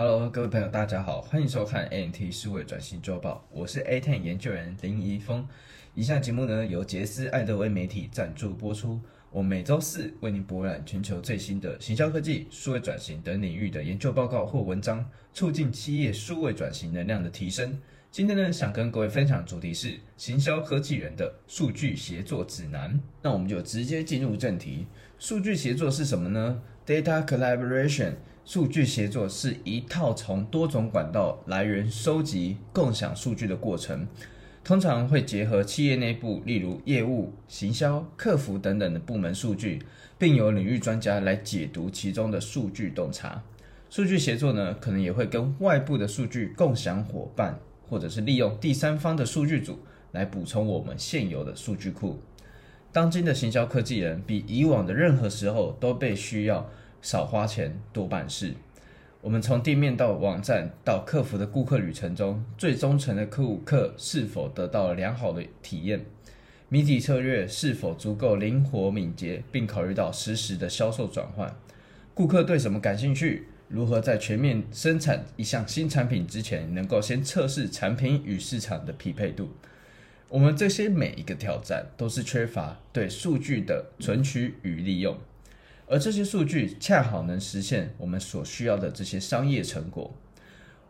Hello，各位朋友，大家好，歡迎收看《AMT 數位轉型週報》，我是 AMT 研究員林怡峰。以下節目呢，由傑斯艾德威媒體贊助播出。我每周四為您博覽全球最新的行銷科技、數位轉型等領域的研究報告或文章，促進企業數位轉型能量的提升。今天呢，想跟各位分享主題是行銷科技人的數據協作指南。那我們就直接進入正題，數據協作是什麼呢？Data collaboration。數據協作是一套從多種管道來源收集、共享數據的過程，通常會結合企業內部，例如業務、行銷、客服等等的部門數據，並由領域專家來解讀其中的數據洞察。數據協作呢，可能也會跟外部的數據共享夥伴，或者是利用第三方的數據組來補充我們現有的數據庫。當今的行銷科技人比以往的任何時候都被需要。少花錢多辦事。我們從店面到網站到客服的顧客旅程中，最忠誠的客戶客是否得到了良好的體驗？媒體策略是否足夠靈活敏捷，並考慮到實時的銷售轉換？顧客對什麼感興趣？如何在全面生產一項新產品之前，能夠先測試產品與市場的匹配度？我們這些每一個挑戰，都是缺乏對數據的存取與利用。而這些數據恰好能實現我們所需要的這些商業成果。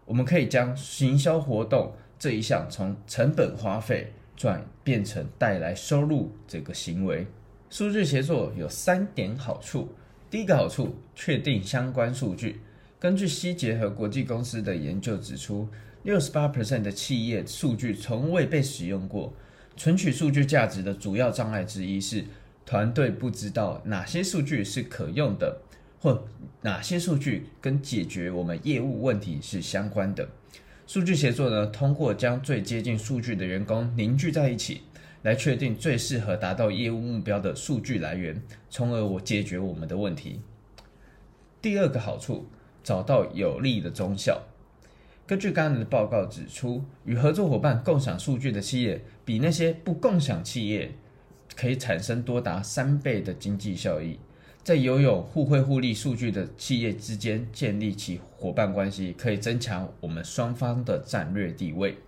我們可以將行銷活動這一項從成本花費轉變成帶來收入這個行為。數據協作有三點好處。第一個好處，確定相關數據。根據西捷和國際公司的研究指出68，六十八 percent 的企業數據從未被使用過。存取數據價值的主要障礙之一是，團隊不知道哪些數據是可用的，或哪些數據跟解決我們業務問題是相關的。數據協作呢，通過將最接近數據的員工凝聚在一起，來確定最適合達到業務目標的數據來源，從而我解決我們的問題。第二個好處，找到有利的綜效。根據剛剛的報告指出，與合作夥伴共享數據的企業，比那些不共享企業。可以產生多達三倍的經濟效益。在擁有、有互惠互利數據的企業之間建立起伙伴關係，可以增強我們雙方的戰略地位，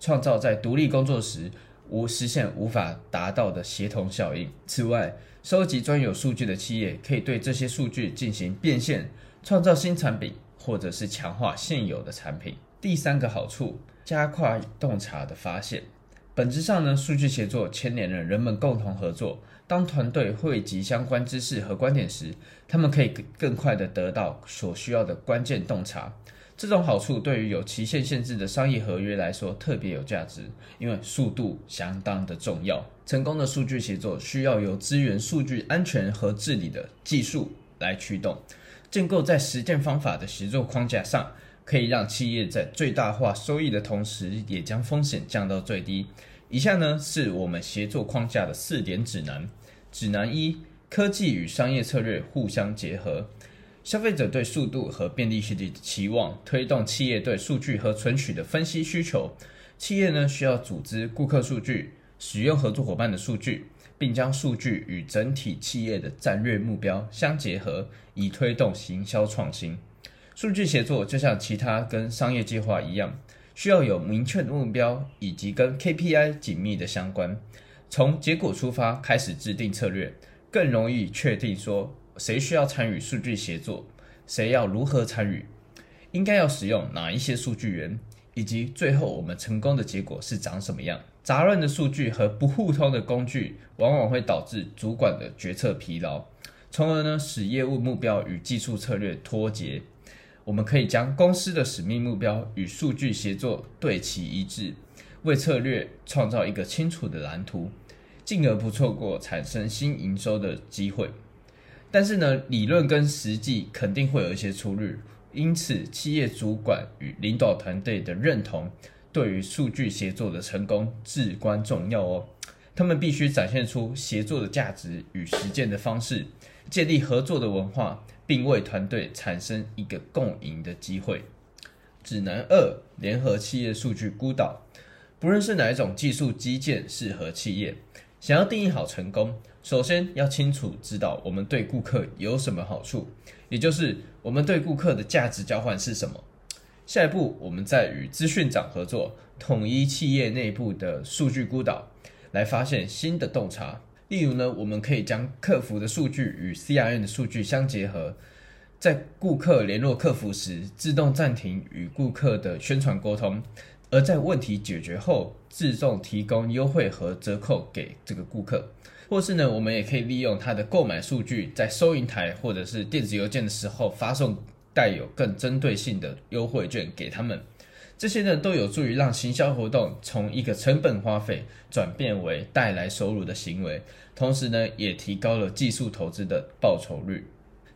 創造在獨立工作時無實現無法達到的協同效應。此外，收集專有數據的企業可以對這些數據進行變現，創造新產品，或者是強化現有的產品。第三個好處：加快洞察的發現。本質上呢，數據協作牽連了人們共同合作。當團隊匯集相關知識和觀點時，他們可以更快地得到所需要的關鍵洞察。這種好處對於有期限限制的商業合約來說特別有價值，因為速度相當的重要。成功的數據協作需要由資源、數據安全和治理的技術來驅動，建構在實踐方法的協作框架上。可以讓企業在最大化收益的同時，也將風險降到最低。以下呢是我們協作框架的四點指南。指南一：科技與商業策略互相結合。消費者對速度和便利性的期望，推動企業對數據和存取的分析需求。企業呢需要組織顧客數據，使用合作夥伴的數據，並將數據與整體企業的戰略目標相結合，以推動行銷創新。數據協作就像其他跟商業計劃一樣，需要有明確的目標以及跟 KPI 緊密的相關。從結果出發開始制定策略，更容易確定說誰需要參與數據協作，誰要如何參與，應該要使用哪一些數據源，以及最後我們成功的結果是長什麼樣。雜亂的數據和不互通的工具，往往會導致主管的決策疲勞，從而呢使業務目標與技術策略脫節。我們可以將公司的使命目標與數據協作對齊一致，為策略創造一個清楚的藍圖，進而不錯過產生新營收的機會。但是呢，理論跟實際肯定會有一些出入，因此企業主管與領導團隊的認同對於數據協作的成功至關重要哦。他們必須展現出協作的價值與實踐的方式，建立合作的文化。並為團隊產生一個共贏的機會。指南二：聯合企業數據孤島。不論是哪一種技術基建適合企業，想要定義好成功，首先要清楚知道我們對顧客有什麼好處，也就是我們對顧客的價值交換是什麼。下一步，我們再與資訊長合作，統一企業內部的數據孤島，來發現新的洞察。例如呢，我們可以將客服的數據與 CRM 的數據相結合，在顧客聯絡客服時自動暫停與顧客的宣傳溝通，而在問題解決後自動提供優惠和折扣給這個顧客，或是呢，我們也可以利用他的購買數據，在收銀台或者是電子郵件的時候發送帶有更針對性的優惠券給他們。這些呢都有助於讓行銷活動從一個成本花費轉變為帶來收入的行為，同時呢也提高了技術投資的報酬率。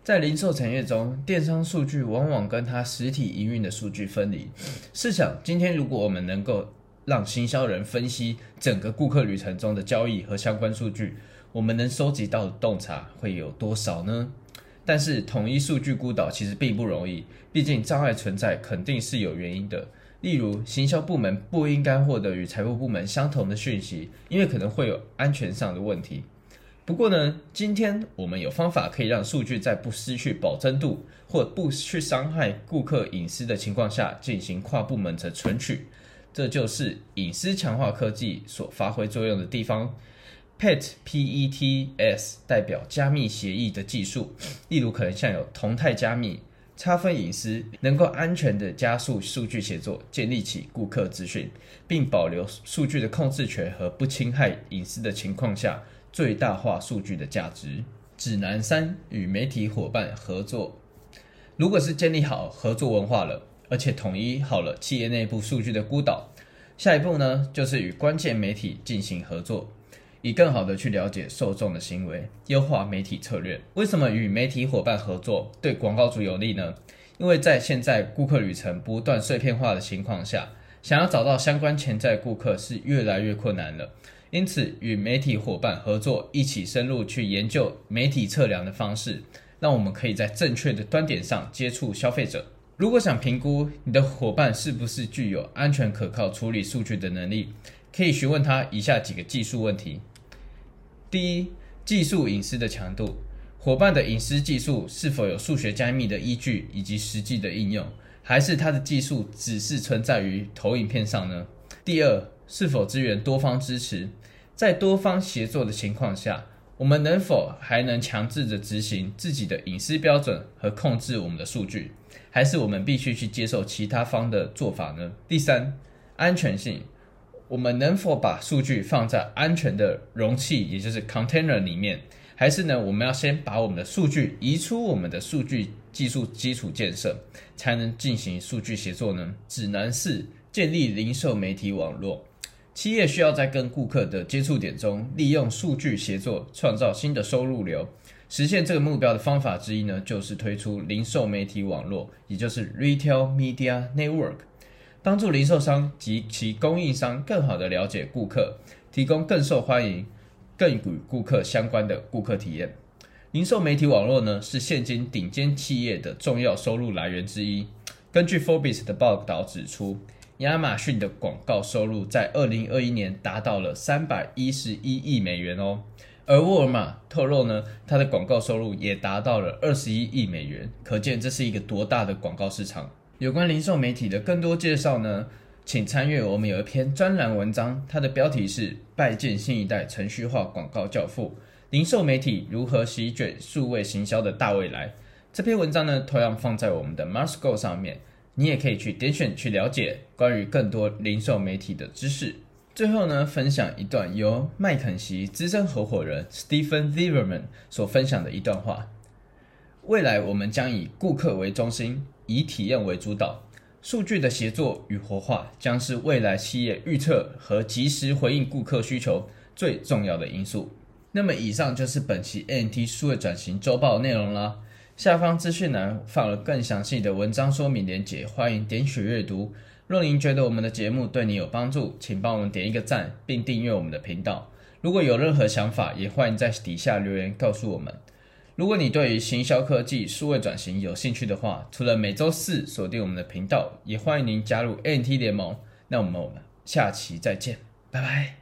在零售產業中，電商數據往往跟它實體營運的數據分離。試想，今天如果我們能夠讓行銷人分析整個顧客旅程中的交易和相關數據，我們能收集到的洞察會有多少呢？但是統一數據孤島其實並不容易，畢竟障礙存在肯定是有原因的。例如，行銷部門不應該獲得與財務部門相同的訊息，因為可能會有安全上的問題。不過呢，今天我們有方法可以讓數據在不失去保真度或不去傷害顧客隱私的情況下進行跨部門的存取，這就是隱私強化科技所發揮作用的地方。PET P E T S 代表加密協議的技術，例如可能像有同態加密。差分隱私能夠安全的加速數據協作，建立起顧客資訊，並保留數據的控制權和不侵害隱私的情況下，最大化數據的價值。指南三：與媒體夥伴合作。如果是建立好合作文化了，而且統一好了企業內部數據的孤島，下一步呢，就是與關鍵媒體進行合作。以更好的去了解受眾的行為，優化媒體策略。為什麼與媒體夥伴合作對廣告主有利呢？因為在現在顧客旅程不斷碎片化的情況下，想要找到相關潛在顧客是越來越困難了。因此，與媒體夥伴合作，一起深入去研究媒體測量的方式，讓我們可以在正確的端點上接觸消費者。如果想評估你的夥伴是不是具有安全可靠處理數據的能力，可以詢問他以下幾個技術問題。第一，技術隱私的強度，夥伴的隱私技術是否有數學加密的依據以及實際的應用，還是它的技術只是存在於投影片上呢？第二，是否支援多方支持，在多方協作的情況下，我們能否還能強制的執行自己的隱私標準和控制我們的數據，還是我們必須去接受其他方的做法呢？第三，安全性。我們能否把數據放在安全的容器，也就是 container 裡面？還是呢？我們要先把我們的數據移出我們的數據技術基礎建設，才能進行數據協作呢？指南四，建立零售媒體網絡。企業需要在跟顧客的接觸點中利用數據協作，創造新的收入流。實現這個目標的方法之一呢，就是推出零售媒體網絡，也就是 retail media network。幫助零售商及其供應商更好地了解顧客，提供更受歡迎、更與顧客相關的顧客體驗。零售媒體網絡呢，是現今頂尖企業的重要收入來源之一。根據 Forbes 的報道指出，亞馬遜的廣告收入在二零二一年達到了三百一十一億美元哦，而沃爾瑪透露呢，它的廣告收入也達到了二十一億美元。可見這是一個多大的廣告市場。有關零售媒體的更多介紹呢，請參閱我們有一篇專欄文章，它的標題是《拜見新一代程序化廣告教父：零售媒體如何席卷數位行銷的大未來》。這篇文章呢，同樣放在我們的 MarsGo 上面，你也可以去點選去了解關於更多零售媒體的知識。最後呢，分享一段由麥肯錫資深合夥人 Stephen Ziverman 所分享的一段話。未來我們將以顧客為中心，以體驗為主導。數據的協作與活化將是未來企業預測和及時回應顧客需求最重要的因素。那麼，以上就是本期 AMT 數位轉型周報內容啦。下方資訊欄放了更詳細的文章說明連結，歡迎點取閱讀。若您覺得我們的節目對您有幫助，請幫我們點一個讚，並訂閱我們的頻道。如果有任何想法，也歡迎在底下留言告訴我們。如果你對於行銷科技、數位轉型有興趣的話，除了每周四鎖定我們的頻道，也歡迎您加入 AMT 聯盟。那我們我們下期再見，拜拜。